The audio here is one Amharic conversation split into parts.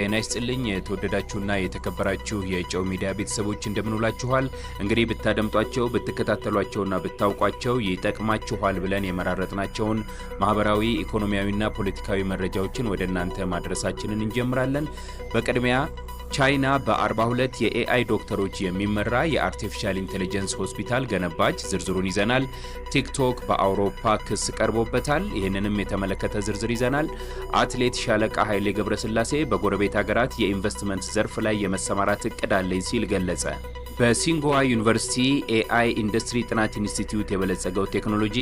ጤና ይስጥልኝ የተወደዳችሁና የተከበራችሁ የጨው ሚዲያ ቤተሰቦች እንደምንውላችኋል። እንግዲህ ብታደምጧቸው ብትከታተሏቸውና ብታውቋቸው ይጠቅማችኋል ብለን የመራረጥናቸውን ማህበራዊ ኢኮኖሚያዊና ፖለቲካዊ መረጃዎችን ወደ እናንተ ማድረሳችንን እንጀምራለን። በቅድሚያ ቻይና በ42 የኤአይ ዶክተሮች የሚመራ የአርቲፊሻል ኢንቴሊጀንስ ሆስፒታል ገነባች። ዝርዝሩን ይዘናል። ቲክቶክ በአውሮፓ ክስ ቀርቦበታል። ይህንንም የተመለከተ ዝርዝር ይዘናል። አትሌት ሻለቃ ኃይሌ ገብረስላሴ በጎረቤት ጎረቤት ሀገራት የኢንቨስትመንት ዘርፍ ላይ የመሰማራት እቅድ አለኝ ሲል ገለጸ። በሲንጎዋ ዩኒቨርሲቲ ኤአይ ኢንዱስትሪ ጥናት ኢንስቲትዩት የበለጸገው ቴክኖሎጂ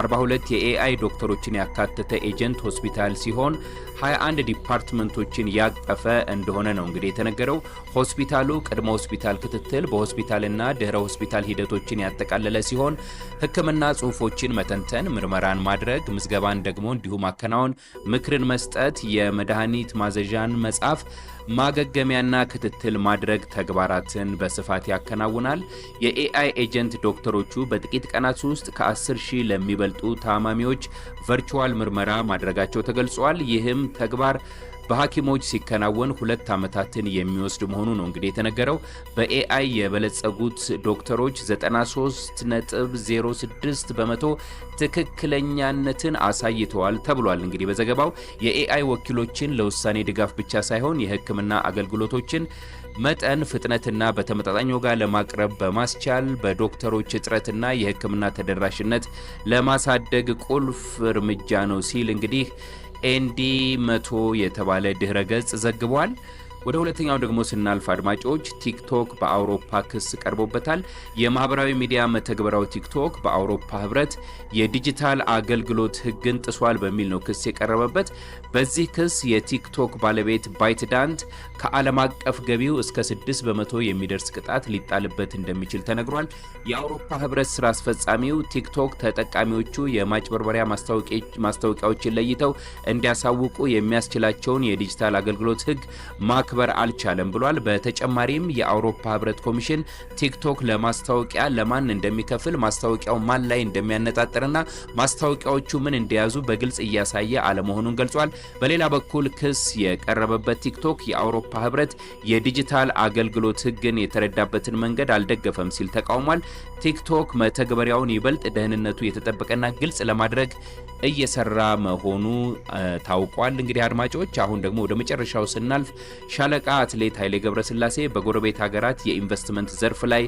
42 የኤአይ ዶክተሮችን ያካተተ ኤጀንት ሆስፒታል ሲሆን 21 ዲፓርትመንቶችን ያቀፈ እንደሆነ ነው እንግዲህ የተነገረው። ሆስፒታሉ ቅድመ ሆስፒታል ክትትል፣ በሆስፒታልና ድህረ ሆስፒታል ሂደቶችን ያጠቃለለ ሲሆን ሕክምና ጽሁፎችን መተንተን፣ ምርመራን ማድረግ፣ ምዝገባን ደግሞ እንዲሁ ማከናወን፣ ምክርን መስጠት፣ የመድኃኒት ማዘዣን መጻፍ፣ ማገገሚያና ክትትል ማድረግ ተግባራትን በስፋት ያከናውናል። የኤአይ ኤጀንት ዶክተሮቹ በጥቂት ቀናት ውስጥ ከ10 ሺህ ለሚበልጡ ታማሚዎች ቨርቹዋል ምርመራ ማድረጋቸው ተገልጿል። ይህም ተግባር በሐኪሞች ሲከናወን ሁለት ዓመታትን የሚወስድ መሆኑ ነው እንግዲህ የተነገረው። በኤአይ የበለጸጉት ዶክተሮች 93.06 በመቶ ትክክለኛነትን አሳይተዋል ተብሏል። እንግዲህ በዘገባው የኤአይ ወኪሎችን ለውሳኔ ድጋፍ ብቻ ሳይሆን የሕክምና አገልግሎቶችን መጠን ፍጥነትና በተመጣጣኝ ዋጋ ለማቅረብ በማስቻል በዶክተሮች እጥረትና የህክምና ተደራሽነት ለማሳደግ ቁልፍ እርምጃ ነው ሲል እንግዲህ ኤንዲ መቶ የተባለ ድህረ ገጽ ዘግቧል። ወደ ሁለተኛው ደግሞ ስናልፍ አድማጮች ቲክቶክ በአውሮፓ ክስ ቀርቦበታል። የማህበራዊ ሚዲያ መተግበሪያው ቲክቶክ በአውሮፓ ህብረት የዲጂታል አገልግሎት ህግን ጥሷል በሚል ነው ክስ የቀረበበት። በዚህ ክስ የቲክቶክ ባለቤት ባይትዳንት ከዓለም አቀፍ ገቢው እስከ 6 በመቶ የሚደርስ ቅጣት ሊጣልበት እንደሚችል ተነግሯል። የአውሮፓ ህብረት ስራ አስፈጻሚው ቲክቶክ ተጠቃሚዎቹ የማጭበርበሪያ ማስታወቂያዎችን ለይተው እንዲያሳውቁ የሚያስችላቸውን የዲጂታል አገልግሎት ህግ ማክበር አልቻለም ብሏል። በተጨማሪም የአውሮፓ ህብረት ኮሚሽን ቲክቶክ ለማስታወቂያ ለማን እንደሚከፍል ማስታወቂያው ማን ላይ እንደሚያነጣጥርና ማስታወቂያዎቹ ምን እንደያዙ በግልጽ እያሳየ አለመሆኑን ገልጿል። በሌላ በኩል ክስ የቀረበበት ቲክቶክ የአውሮፓ ህብረት የዲጂታል አገልግሎት ህግን የተረዳበትን መንገድ አልደገፈም ሲል ተቃውሟል። ቲክቶክ መተግበሪያውን ይበልጥ ደህንነቱ የተጠበቀና ግልጽ ለማድረግ እየሰራ መሆኑ ታውቋል። እንግዲህ አድማጮች አሁን ደግሞ ወደ መጨረሻው ስናልፍ ሻለቃ አትሌት ኃይሌ ገብረስላሴ በጎረቤት ሀገራት የኢንቨስትመንት ዘርፍ ላይ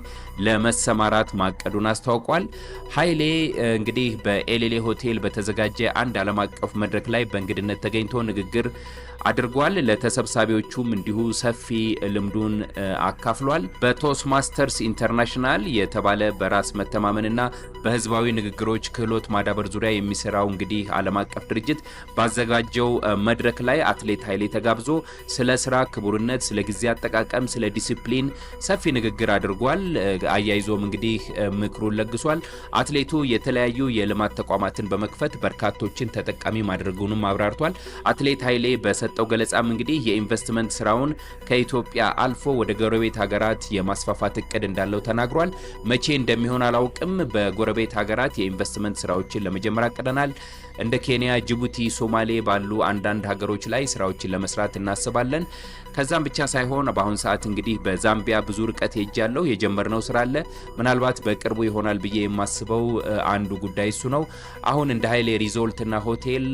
ለመሰማራት ማቀዱን አስታውቋል። ኃይሌ እንግዲህ በኤሌሌ ሆቴል በተዘጋጀ አንድ ዓለም አቀፍ መድረክ ላይ በእንግድነት ተገኝቶ ንግግር አድርጓል። ለተሰብሳቢዎቹም እንዲሁ ሰፊ ልምዱን አካፍሏል። በቶስ ማስተርስ ኢንተርናሽናል የተባለ በራስ መተማመንና በህዝባዊ ንግግሮች ክህሎት ማዳበር ዙሪያ የሚሰራው እንግዲህ ዓለም አቀፍ ድርጅት ባዘጋጀው መድረክ ላይ አትሌት ኃይሌ ተጋብዞ ስለ ስራ ክቡርነት፣ ስለ ጊዜ አጠቃቀም፣ ስለ ዲሲፕሊን ሰፊ ንግግር አድርጓል። አያይዞም እንግዲህ ምክሩን ለግሷል። አትሌቱ የተለያዩ የልማት ተቋማትን በመክፈት በርካቶችን ተጠቃሚ ማድረጉንም አብራርቷል። አትሌት ኃይሌ በሰጠው ገለጻም እንግዲህ የኢንቨስትመንት ስራውን ከኢትዮጵያ አልፎ ወደ ጎረቤት ሀገራት የማስፋፋት እቅድ እንዳለው ተናግሯል። መቼ እንደሚሆን አላውቅም። በጎረቤት ሀገራት የኢንቨስትመንት ስራዎችን ለመጀመር አቅደናል። እንደ ኬንያ፣ ጅቡቲ፣ ሶማሌ ባሉ አንዳንድ ሀገሮች ላይ ስራዎችን ለመስራት እናስባለን። ከዛም ብቻ ሳይሆን በአሁን ሰዓት እንግዲህ በዛምቢያ ብዙ ርቀት ሄጃለሁ። የጀመርነው ስራ አለ። ምናልባት በቅርቡ ይሆናል ብዬ የማስበው አንዱ ጉዳይ እሱ ነው። አሁን እንደ ሀይሌ ሪዞልትና ሆቴል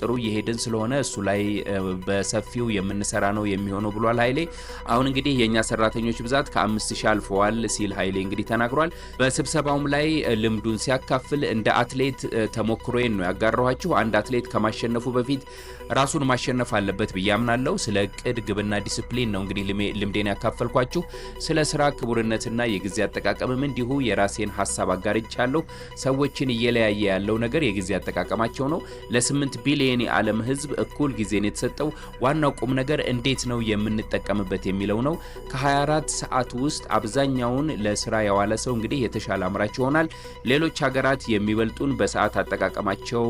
ጥሩ እየሄድን ስለሆነ እሱ ላይ በሰፊው የምንሰራ ነው የሚሆነው ብሏል ሀይሌ። አሁን እንግዲህ የእኛ ሰራተኞች ብዛት ከአምስት ሺህ አልፈዋል ሲል ሀይሌ እንግዲህ ተናግሯል። በስብሰባውም ላይ ልምዱን ሲያካፍል እንደ አትሌት ተሞክሮዬን ነው ያጋራኋችሁ። አንድ አትሌት ከማሸነፉ በፊት ራሱን ማሸነፍ አለበት ብዬ አምናለሁ። ስለ እቅድ ግብና ዲስፕሊን ነው እንግዲህ ልምዴን ያካፈልኳችሁ። ስለ ስራ ክቡርነትና የጊዜ አጠቃቀምም እንዲሁ የራሴን ሀሳብ አጋርቻለሁ። ሰዎችን እየለያየ ያለው ነገር የጊዜ አጠቃቀማቸው ነው። ለስምንት ቢሊየን የዓለም ህዝብ እኩል ጊዜን የተሰጠው ዋናው ቁም ነገር እንዴት ነው የምንጠቀምበት የሚለው ነው። ከ24 ሰዓት ውስጥ አብዛኛውን ለስራ የዋለ ሰው እንግዲህ የተሻለ አምራች ይሆናል። ሌሎች ሀገራት የሚበልጡን በሰዓት አጠቃቀማቸው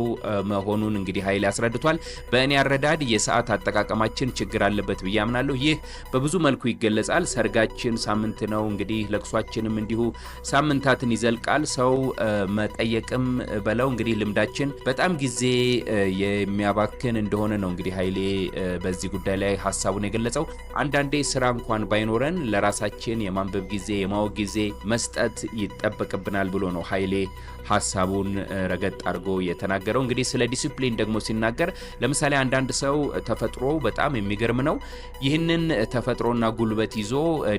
መሆኑን እንግዲህ ኃይል ያስረድቷል። በእኔ አረዳድ የሰዓት አጠቃቀማችን ችግር አለበት ብዬ አምናለሁ። እላለሁ። ይህ በብዙ መልኩ ይገለጻል። ሰርጋችን ሳምንት ነው እንግዲህ፣ ለቅሷችንም እንዲሁ ሳምንታትን ይዘልቃል። ሰው መጠየቅም በለው እንግዲህ ልምዳችን በጣም ጊዜ የሚያባክን እንደሆነ ነው እንግዲህ ኃይሌ በዚህ ጉዳይ ላይ ሀሳቡን የገለጸው። አንዳንዴ ስራ እንኳን ባይኖረን ለራሳችን የማንበብ ጊዜ የማወቅ ጊዜ መስጠት ይጠበቅብናል ብሎ ነው ኃይሌ ሀሳቡን ረገጥ አድርጎ የተናገረው። እንግዲህ ስለ ዲሲፕሊን ደግሞ ሲናገር ለምሳሌ አንዳንድ ሰው ተፈጥሮ በጣም የሚገርም ነው። ይሄ ይህንን ተፈጥሮና ጉልበት ይዞ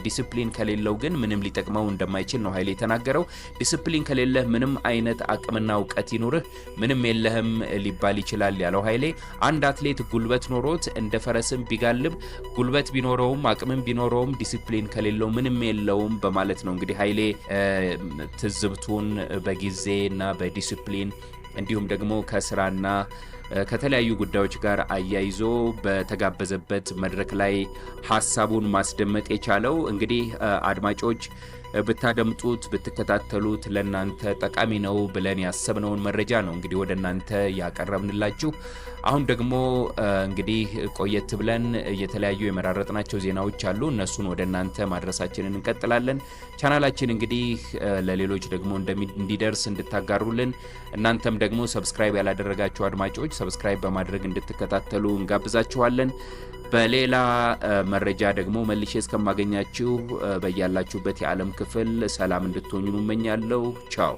ዲስፕሊን ከሌለው ግን ምንም ሊጠቅመው እንደማይችል ነው ኃይሌ የተናገረው። ዲስፕሊን ከሌለህ ምንም አይነት አቅምና እውቀት ይኑርህ ምንም የለህም ሊባል ይችላል ያለው ኃይሌ አንድ አትሌት ጉልበት ኖሮት እንደ ፈረስም ቢጋልብ ጉልበት ቢኖረውም አቅምም ቢኖረውም ዲስፕሊን ከሌለው ምንም የለውም በማለት ነው እንግዲህ ኃይሌ ትዝብቱን በጊዜና በዲሲፕሊን እንዲሁም ደግሞ ከስራና ከተለያዩ ጉዳዮች ጋር አያይዞ በተጋበዘበት መድረክ ላይ ሀሳቡን ማስደመጥ የቻለው እንግዲህ አድማጮች ብታደምጡት ብትከታተሉት ለእናንተ ጠቃሚ ነው ብለን ያሰብነውን መረጃ ነው እንግዲህ ወደ እናንተ ያቀረብንላችሁ። አሁን ደግሞ እንግዲህ ቆየት ብለን የተለያዩ የመራረጥናቸው ዜናዎች አሉ። እነሱን ወደ እናንተ ማድረሳችንን እንቀጥላለን። ቻናላችን እንግዲህ ለሌሎች ደግሞ እንዲደርስ እንድታጋሩልን፣ እናንተም ደግሞ ሰብስክራይብ ያላደረጋችሁ አድማጮች ሰብስክራይብ በማድረግ እንድትከታተሉ እንጋብዛችኋለን። በሌላ መረጃ ደግሞ መልሼ እስከማገኛችሁ በያላችሁበት የዓለም ክፍል ሰላም እንድትሆኙ እመኛለሁ። ቻው።